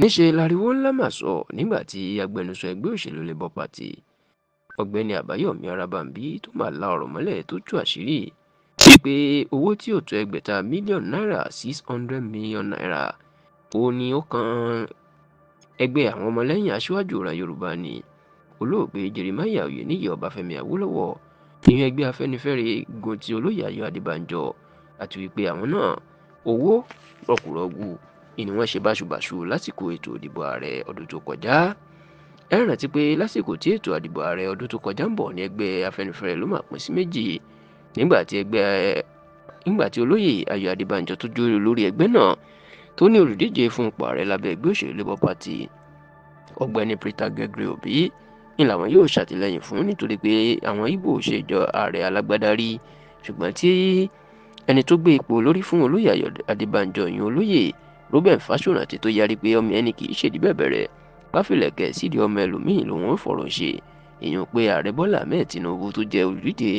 níṣe láriwo ńlá mà sọ nígbà tí agbẹnusọ ẹgbẹ́ òṣèlú labour party ọ̀gbẹ́ni àbáyọ̀mí arábàǹbí tó máa la ọ̀rọ̀ mọ́lẹ̀ tó tú àṣírí wípé owó tí ò tó ẹgbẹ̀ta náírà six hundred million naira ó ní ó kan ẹgbẹ́ àwọn ọmọlẹ́yìn aṣíwájú ra yorùbá ni olóògbé jeremiah oyeniyi ọbáfẹ́mi awólọ́wọ̀ ìyẹn ẹgbẹ́ afẹ́nifẹ́re gun ti olóyè ayọ̀ adébánjọ àti wípé àwọn náà owó rọ̀kùrọ̀gù ni wọ́n ṣe báṣubàṣu lásìkò ètò ìdìbò ààrẹ ọdún tó kọjá ẹ rántí pé lásìkò tí ètò àdìbò ààrẹ ọdún tó kọjá ń bọ̀ ní ẹgbẹ́ afẹnifẹre ló máa pín sí méjì nígbà tí ẹgbẹ́ nígbà tí olóyè ayọ̀ adébánjọ tó jórí olórí ẹgbẹ́ náà tó ní olùdíje fún ipò ààrẹ lábẹ́ ẹgbẹ́ òṣèlú labour party ọ̀gbẹ́ni peter gregory obi ni làwọn yóò ṣàtìlẹ́yìn fún nítorí pé àwọn ibo ṣe jọ ààrẹ alágbádá rí ṣùgbọ́n tí ẹni tó gbé ipò olórí fún olóyè ayọ̀ adébánjọ yìí olóyè Robert Fásórántì tó yarí pé ọmọ ẹni kì í ṣèdí bẹ̀bẹ̀ rẹ̀ káfílẹ̀kẹ̀ sídìí ọmọ ẹlòmíín lòun fọ̀rọ̀ ṣe èèyàn pé ààrẹ Bọ́lá Ahmed Tinubu tó jẹ́ olùdíje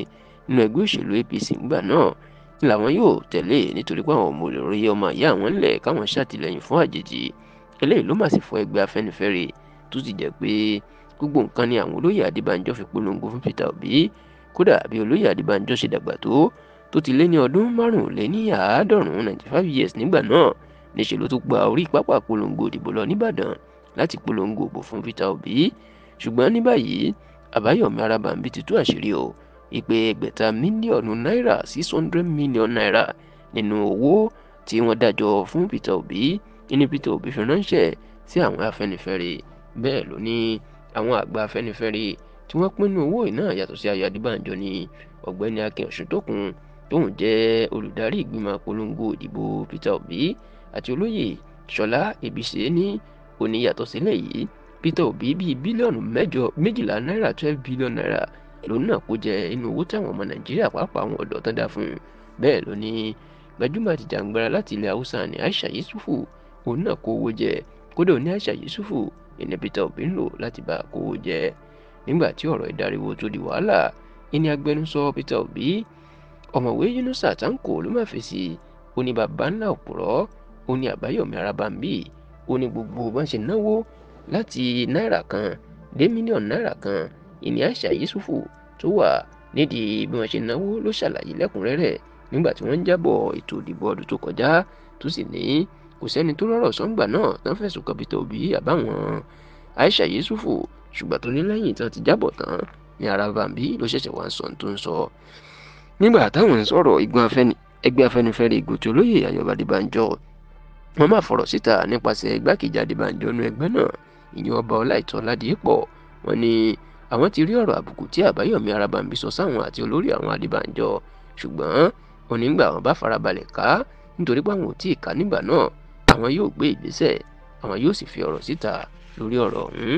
nínú ẹgbẹ́ òṣèlú APC ńgbà náà ni làwọn yóò tẹ̀lé e nítorí pé àwọn ọmọ olóró yẹ ọmọ àyá àwọn ńlẹ̀ káwọn ṣàtìlẹ́yìn fún àjèjì eléyìí ló mà sì fọ ẹgbẹ́ Afẹ́nifẹ́re tó ti jẹ́ pé gbogbo nǹkan ni àwọn olóyè Adébánjọ fi polongo fún Peter Obi kódà bí olóyè Adébánjọ ṣe dàgbà tó tó ti lé ní ọdún márùnléníàádọ́rùn-ún ninety five years nígbà náà níṣẹ́ ló tún gba orí pápá polongo ìdìbò lọ nìbàdàn láti polongo òbò fún Peter Obi ṣùgbọ́n ní báyìí Àbáyọ̀mí Arábàmbí ti tú àṣírí o ìpè ẹgbẹ̀ta mílíọ̀nù náírà six hundred million naira nínú owó tí wọ́n dájọ́ fún Peter Obi ní Peter Obi fi ránṣẹ́ sí àwọn Afẹ́nifẹ́re bẹ́ẹ̀ ló ní àwọn àgbà Afẹ́nifẹ́re tí wọ́n pinnu owó ìná yàtọ̀ sí Ayọ̀ Adébánjọ ní ọ̀gbẹ́ni Akin Ọ̀ṣúntòkun tóun jẹ́ olùdarí ìgbìmọ̀ àpolongo ìdìbò Peter Obi àti olóyè Ṣọlá Ẹbíṣẹ ní òní yàtọ̀ sílẹ̀ yìí Peter Obi bíi bílíọ̀nù mẹ́jọ méjìlá náírà twelve billion naira lòun náà kó jẹ inú owó táwọn ọmọ Nàìjíríà pàápàá àwọn ọ̀dọ́ tán dá fún un bẹ́ẹ̀ ló ní gbajúmọ̀ àti jàǹgbara láti ilẹ̀ Haúsá ní Aisha Yusufu òun náà kó owó jẹ kódà ní Aisha Yusufu ìní Peter Obi ń lò láti bá a kó owó jẹ nígbà tí ọ̀rọ̀ ìdáriwo tó di wàhálà ìní agbẹnusọ Peter Obi ọ̀mọ̀wé Yunusa Tanko ló má fèsì ó ní bàbá ńlá òpùrọ́ ó ní àbáyọ̀mí Aratambi ó ní gbogbo bá ń ṣe náwó láti náírà kan dé mílíọ̀nù náírà kan ìní àṣà Yusufu tó wà nídìí bí wọ́n ṣe náwó ló ṣàlàyé lẹ́kùnrẹ́rẹ́ nígbà tí wọ́n ń jábọ̀ ètò ìdìbò ọdún tó kọjá tó sì ní kò sẹ́ni tó rọ̀rọ̀ sọ́ngbà náà tán fẹ̀sùn kan Peter Obi àbáwọn Aisha Yusufu ṣùgbọ́n tó ní lẹ́yìn tán ti jábọ̀ tán ní Aratambi ló ṣẹ̀ṣẹ̀ wá ń sọ tó ń sọ nígbà táwọn ń sọ̀rọ̀ igun afẹ́ni ẹgbẹ́ afẹ́nifẹ́re ìgòtò olóyè ayọ̀bá adébánjọ́ wọn máa fọ̀rọ̀ síta nípasẹ̀ igbákejì adébánjọ́ nu ẹgbẹ́ náà ìyẹn ọba ọláìtọ́ ládìípọ̀ wọn ni àwọn ti rí ọ̀rọ̀ àbùkù tí àbáyọ̀mí arábàǹbí sọ sáwọn àti olórí àwọn adébánjọ́ ṣùgbọ́n onígbà àwọn bá farabalẹ̀ ká nítorí pé àwọn ò tí ì ká nígbà náà àwọn yóò gbé ìgbésẹ̀ àwọn yóò sì fi ọ̀rọ̀ síta lórí ọ̀rọ̀ ọ̀hún